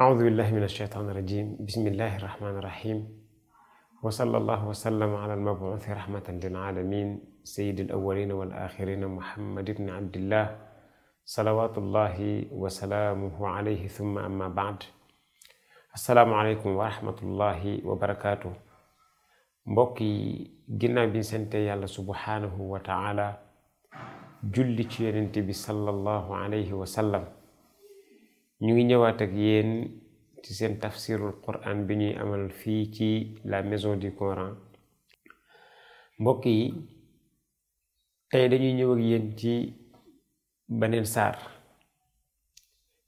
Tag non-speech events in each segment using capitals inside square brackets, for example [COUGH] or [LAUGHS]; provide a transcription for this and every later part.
أعوذ بالله من الشيطان الرجيم بسم الله الرحمن الرحيم وصلى الله وسلم على المبعوث رحمة للعالمين سيد الأولين والآخرين محمد بن عبد الله صلوات الله وسلامه عليه ثم أما بعد السلام عليكم ورحمة الله وبركاته مبكي جنا بن سنتي الله سبحانه وتعالى جل تشيرنتي صلى الله عليه وسلم ñu ngi ñëwaat ak yéen ci seen tafsirul quran bi ñuy amal fii ci la maison du coran mbokk yi tey dañuy ñëw ak yéen ci beneen saar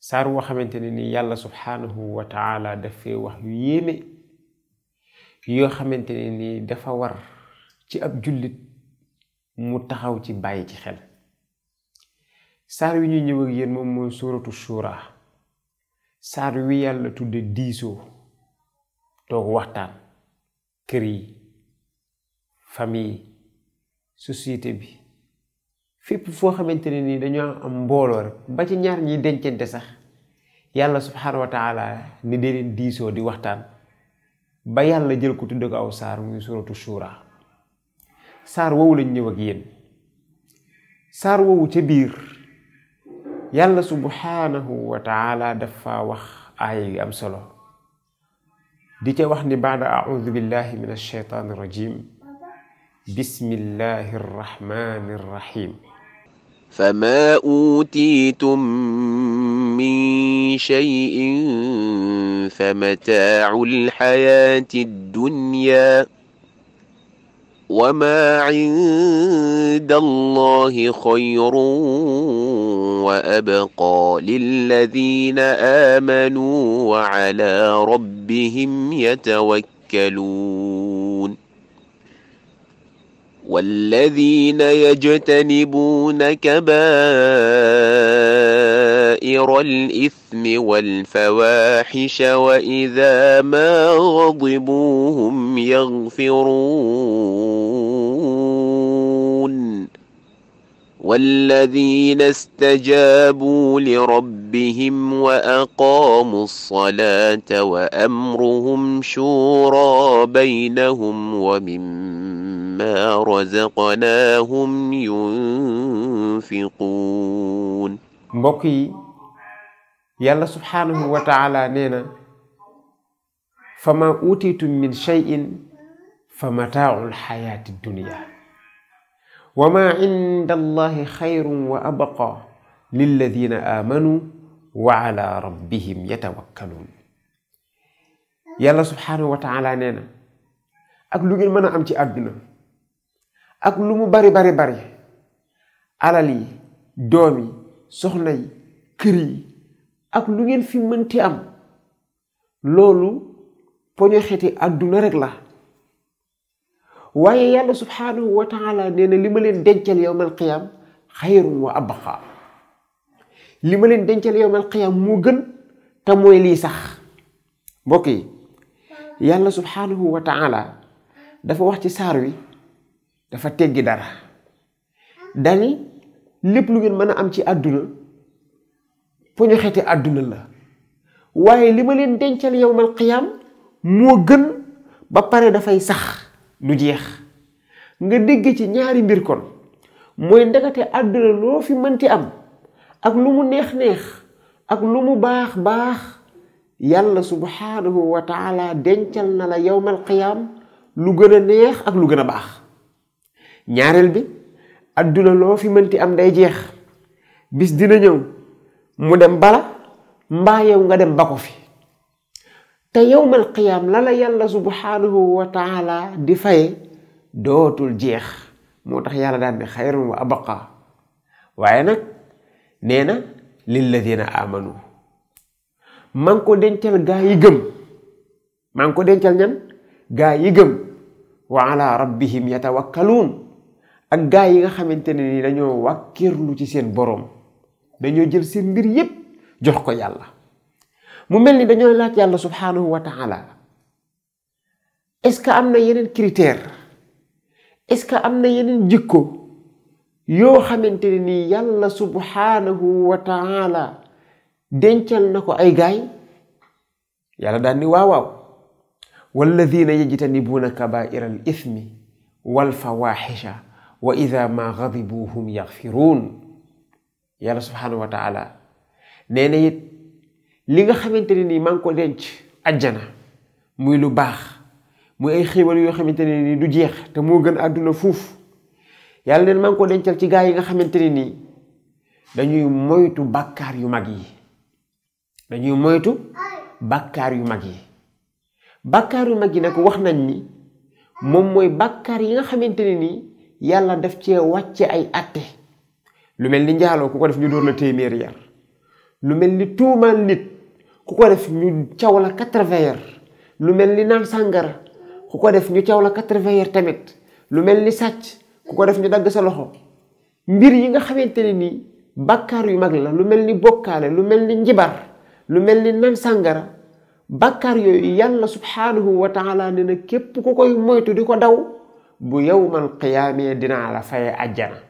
saar woo xamante ne ni yàlla subhaanahu wa taala dafee wax yu yéeme yoo xamante ne ni dafa war ci ab jullit mu taxaw ci bàyyi ci xel saar yu ñuy ñëw ak moom mooy suuratu shura saar wi yàlla tudde diisoo toog waxtaan kër yi famille yi bi fépp foo xamante ne nii dañoo am mbooloo rek ba ci ñaar ñi dencante sax yàlla subhaanahu wa taala ni dee leen diisoo di waxtaan ba yàlla jël ko tudde ko aw saar muy suratu shura saar woowu lañ ñëw ak yéen saar woowu ca يالله سبحانه وتعالى دفع وخ آي أم ديك ديت بعد أعوذ بالله من الشيطان الرجيم بسم الله الرحمن الرحيم فما أوتيتم من شيء فمتاع الحياة الدنيا وما عند الله خير وأبقى للذين آمنوا وعلى ربهم يتوكلون والذين يجتنبون كبائر كبائر الإثم والفواحش وإذا ما غضبوا هم يغفرون والذين استجابوا لربهم وأقاموا الصلاة وأمرهم شورى بينهم ومما رزقناهم ينفقون بقي yàlla subhaanahu wa taala nee na fa ma utiitum min cheyin fa mataaul xayaati dunia wa ma inda allahi xayrun wa abqa lilladina aamanu wa ala rabbihim yatawakkaluun yàlla subhaanahu wa taala nee na ak lu ngeen mën a am ci àdduna ak lu mu bari bari bari alal yi doom yi soxna yi kër yi ak lu ngeen fi mënti am loolu poñoxeti àdduna rek la waaye yàlla subhaanahu wa taala nee na li ma leen dencal yowmal qiyaam xayrun wa abqa li ma leen dencal yowmal qiyaam moo gën te mooy lii sax mbokk yi yàlla subhaanahu wa taala dafa wax ci saar wi dafa teggi dara dani lépp lu ngeen mën a am ci àdduna poñu xeeti àdduna la waaye li ma leen dencal yowmal qiyaam moo gën ba pare dafay sax du jeex nga dégg ci ñaari mbir kon mooy ndekete àdduna loo fi mënti am ak lu mu neex-neex ak lu mu baax baax yàlla subhaanahu wa taala dencal na la yowmal qiyaam lu gën a neex ak lu gën a baax ñaareel bi àdduna loo fi mënti am day jeex bis dina ñëw mu dem bala mbaa yow nga dem ba fi te yowmal qiyaam lala yàlla subhaanahu wa taala di faye dootul jeex moo tax yàlla daan ne xayrun wa abqa waaye nag nee na lilladina amanu maa ko dencal gaa yi gëm maa ngi ko dencal ñan gaa yi gëm wa ala rabbihim yatawakkaluun ak gaa yi nga xamante ne ni dañoo wàkkirlu ci seen boroom dañoo jël seen mbir yépp jox ko yàlla mu mel ni dañoo laaj yàlla subhanahu wa taala est-ce que am na yeneen critère est-ce que am na yeneen jikko yoo xamante ne nii yàlla subhanahu wa taala dencal na ko ay gaay yàlla daan ni waaw waaw walladina yajtanibuuna kabaira al ithmi wal fawaxisha wa ida ma gadibu hum yaxfiruun yàlla subhaanahu wa taala nee it li nga xamante ni nii maa ngi denc ajjana muy lu baax muy ay xéewal yoo xamante ne nii du jeex te moo gën àdduna fuuf yàlla neen maa ngi ko dencal ci gaa yi nga xamante ne nii dañuy moytu bàkkaar yu mag yi dañuy moytu bàkkaar yu mag yi bàkkaar yu yi nag wax nañ ni moom mooy bàkkaar yi nga xamante ne nii yàlla def cee wàcce ay atte lu mel ni njaaloo ku ko def ñu dóor la téeméeri yar lu mel ni tuumaal nit ku ko def ñu caw la quatre lu mel ni naan sàngara ku ko def ñu caw la quatre-vingts tamit lu mel ni sàcc ku ko def ñu dagg sa loxo mbir yi nga xamante ne nii bakkaar yu mag la lu mel ni bokkaale lu mel ni njibar lu mel ni naan sàngara bàkkaar yooyu yàlla subhaanahu wa taala ne na képp ku koy moytu di ko daw bu yow yowmal qiyaamee dinaa la faye àjjana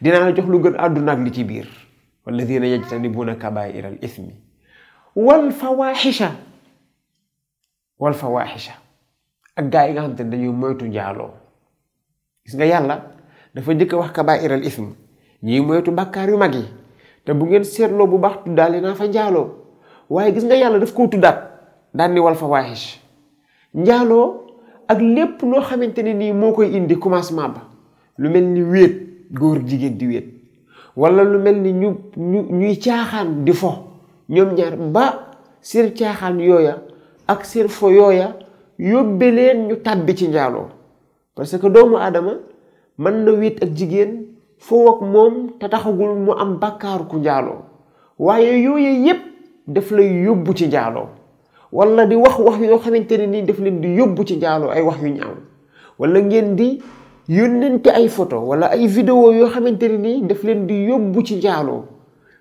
dina jox lu gën àdduna ak li ci biir walladina yajtanibuna kabaira al ismi wal fawaxisha wal fawaxisha ak gaa yi nga xam te ne dañuy moytu njaaloo gis nga yàlla dafa njëkk wax kabaira al ismi ñuy moytu bàkkaar yu mag yi te bu ngeen seetloo bu baax tuddaale naa fa njaaloo waaye gis nga yàlla daf koo tuddaat daan ni wal fawaxish njaaloo ak lépp loo xamante ne nii moo koy indi commencement ba lu mel ni wéet góor jigen di wet wala lu melni ni ñu ñuy caaxaan di fo ñom ñaar ba sir caaxaan yoya ak sir fo yoya yobbe len ñu tabbi ci njaaloo parce que doomu adama man na wet ak jigen fo ak mom ta taxagul mu am bakar ku njaaloo waye yooya yépp daf lay yobbu ci njaaloo wala di wax wax yo xamanteni ni nii daf leen di yobbu ci njaaloo ay wax yu ñaaw wala ngeen di yónnante ay photo wala ay vidéo yoo xamante ne nii daf leen di yóbbu ci njaaloo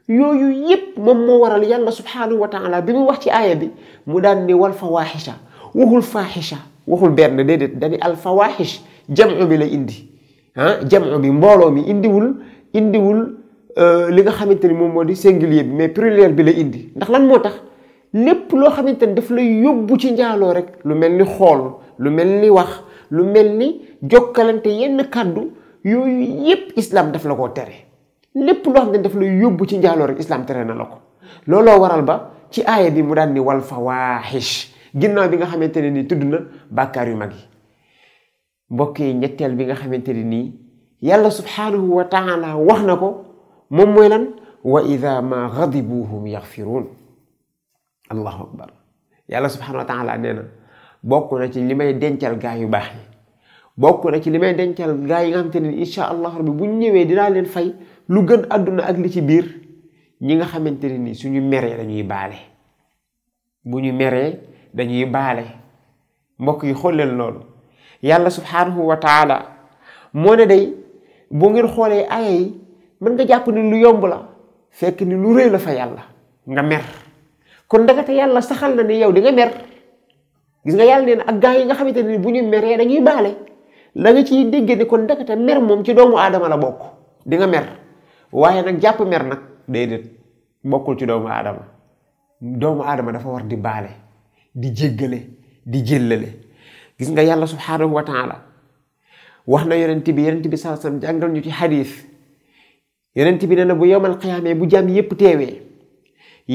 yooyu yépp moom moo waral yàlla subhaanahu wa bi mu wax ci aaya bi mu daan ni wal fawaaxisha waxul faaxisha waxul benn déedéet dani al fawaaxish jamcu bi la indi ah jamcu bi mbooloo mi indiwul indiwul euh, li nga xamante ni moom moo di singulier bi mais pluriel bi la indi ndax lan moo tax lépp loo xamante ni daf lay yóbbu ci njaaloo rek lu mel ni xool lu mel ni wax lu mel ni jokkalante yenn kàddu yooyu yépp islam daf la koo tere lépp loo xam ne daf la yóbbu ci njaaloo rek islam tere na la ko looloo waral ba ci aaya bi mu daan ni wal fawaaxish ginnaaw bi nga xamante ne nii tudd na bàkkaar yu mag yi mbokk yi ñetteel bi nga xamante ne nii yàlla subhaanahu wa wax na ko moom mooy lan wa ida ma gadibuhum yaxfiruun allahu akbar yàlla subhaanahu wa taala na bokk na ci li may dencal gaa yu baax yi na ci li may dencal gaa yi nga xam te ne incha rabbi bu ñu ñëwee dinaa leen fay lu gën àdduna ak li ci biir ñi nga xamante ne ni suñu meree dañuy baale bu ñu meree dañuy baale mbokk yi xool leen loolu yàlla subhaanahu wa taala moo ne day boo ngeen xoolee aaya yi mën nga jàpp ni lu yomb la fekk ni lu rëy la fa yàlla nga mer kon ndagate yàlla saxal na ni yow di nga mer gis nga yàlla nee ak gaa yi xamante ne bu ñu meree dañuy baale la nga ciy dégg ne kon ndekete mer moom ci doomu aadama la bokk di mer waaye nag jàpp mer nag ci doomu aadama doomu aadama dafa war di baale di jéggale di jéllale gis nga yàlla subhaanahu wa taala wax na yonent bi yonent bi sallallahu jàngal ñu ci xadiis yonent bi nee na bu yowmal qiyaamee bu jàmm yépp teewee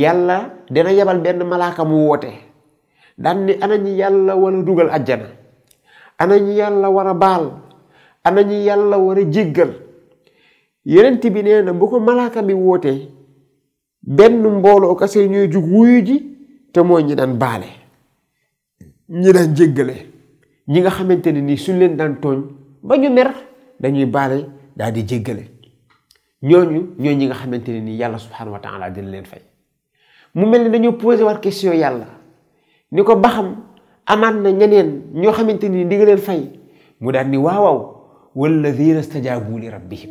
yàlla dana yebal benn malaaka mu woote daan ni ana ñi yàlla war a dugal àjjana ana ñi yàlla war a baal ana ñi yàlla war a jéggal yonent bi nee na bu ko malaaka bi wootee benn mbooloo kase ñooy jug wuyu ji te mooy ñi daan baale ñi daan jéggale ñi nga xamante ne nii suñ leen daan tooñ ba ñu mer dañuy baale daal di jéggale ñooñu ñooy ñi nga xamante ne nii yàlla subhanahu wa taala dina leen fay mu mel ni dañoo posé war question yàlla ni ko baxam amaat na ñeneen ñoo xamante ni di nga leen fay mu daal ni waawaaw walladina stajaabu li rabbihim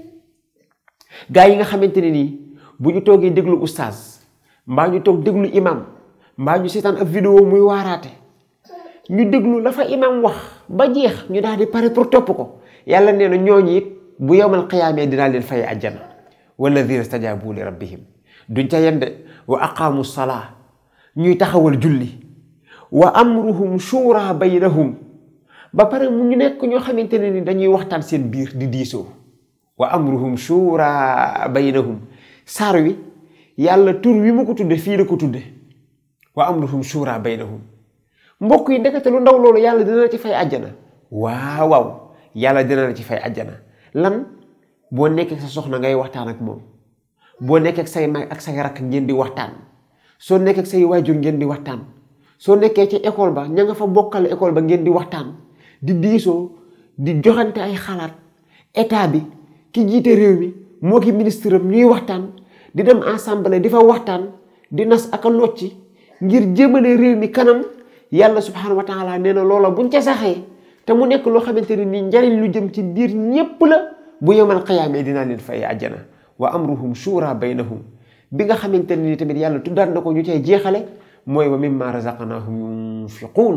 gaa yi nga xamante ne nii bu ñu toogee déglu oustaz mbaa ñu toog déglu imam mbaa ñu seetaan ab video muy waaraate ñu déglu lafa fa wax ba jeex ñu daal di pare pour topp ko yàlla nee na ñooñ it bu yowmal qiyaamee dinaa leen fay àjjana walladina stajaabu li rabbihim duñ ca yende wa aqaamu salaa ñuy taxawal julli wa amruhum shura baynahum ba pare mu ñu nekk ñoo xamante ne ni dañuy waxtaan seen biir di diisoo wa amruhum shura baynahum saar wi yàlla tur wi mu ko tudde fii la ko tudde wa amruhum shura baynahum mbokk yi ndekete lu ndaw loolu yàlla dina la ci fay àjjana waaw waaw yàlla dina la ci fay àjjana lan boo nekkee sa soxna ngay waxtaan ak moom boo nekkee ak say mag ak say rakk ngeen di waxtaan soo nekkee ak say waajur ngeen di waxtaan soo nekkee ci école ba ña nga fa bokkale école ba ngeen di waxtaan di diisoo di joxante ay xalaat état bi ki jiite réew mi moo ki ministre am ñuy waxtaan di dem ensemble di fa waxtaan di nas ak a nocci ngir jëmale réew mi kanam yàlla subhanahu wa taala nee na loola buñ ca saxee te mu nekk loo xamante ne nii njariñ lu jëm ci biir ñépp la bu yemal xayaamee dinaa leen fay am àjjana wa amruhum shura baynahum bi nga xamante ne ni tamit yàlla tu tuddaan na ko ñu cay jeexale mooy wa mimma razaqnahum yunfiquun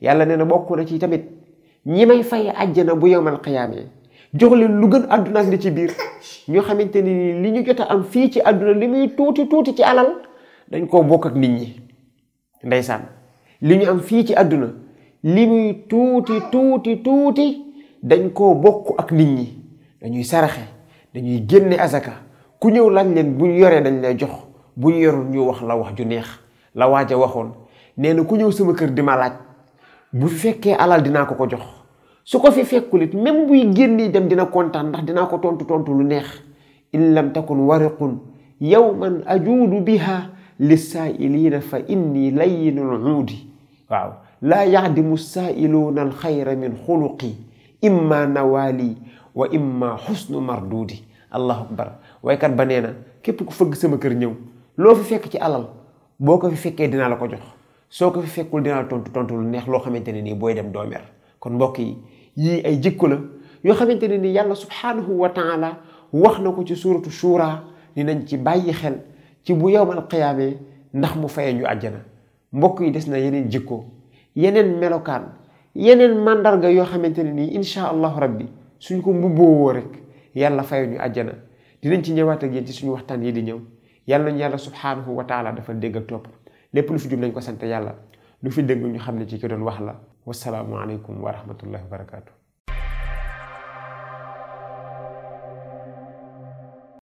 yàlla nee na bokk na ci tamit ñi may fay àjjana bu yowmal qiyaamee jox leen lu gën àdduna ak ci biir [LAUGHS] ñu xamante ni li ñu jot a fii ci àdduna li muy tuuti tuuti ci alal dañ koo bokk nit ñi ndeysaan li ñu am fii ci àdduna li muy tuuti tuuti tuuti dañ koo bokk ak nit ñi dañuy saraxe dañuy génne azaka ku ñëw laaj leen bu ñu yoree dañ lay jox bu ñu yorul ñu wax la wax ju neex la waaja waxoon nee na ku ñëw sama kër di ma bu fi fekkee alal dinaa ko ko jox su ko fi fekkulit même buy génnee dem dina kontaan ndax dinaa ko tontu tontu lu neex in lam takun wariqun yawman ajuudu biha lissaa'iliina fa inni layyinul uudi waaw laa yaxdimu saa'iluuna alxayra min xuluqi imma nawaali wa imma xusnu marduudi allahu akbar waykat ba nee na képp ku fëgg sama kër ñëw loo fi fekk ci alal boo ko fi fekkee dinaa la ko jox soo ko fi fekkul dinaa la tontu tontu lu neex loo xamante ne nii booy dem doomeer kon mbokk yi yii ay jikko la yoo xamante ne nii yàlla subhaanahu wa taala wax na ko ci suuratu suuraa dinañ ci bàyyi xel ci bu yowmal qiyaamee ndax mu fayee ñu àjjana mbokk yi des na yeneen jikko yeneen melokaan yeneen màndarga yoo xamante ne nii incha allahu rabbi suñ ko mbubboo woo rek yàlla fayee ñu àjjana dinañ ci ñëwaat ak ci suñu waxtaan yi di ñëw yàlla nañu yàlla subhaanahu wa taala dafa dégg ak topp lépp lu fi jub nañ ko sant yàlla lu fi dégg ñu xam ne ci ki doon wax la wasalaamualeykum wa rahmatullahi wa barakaatu.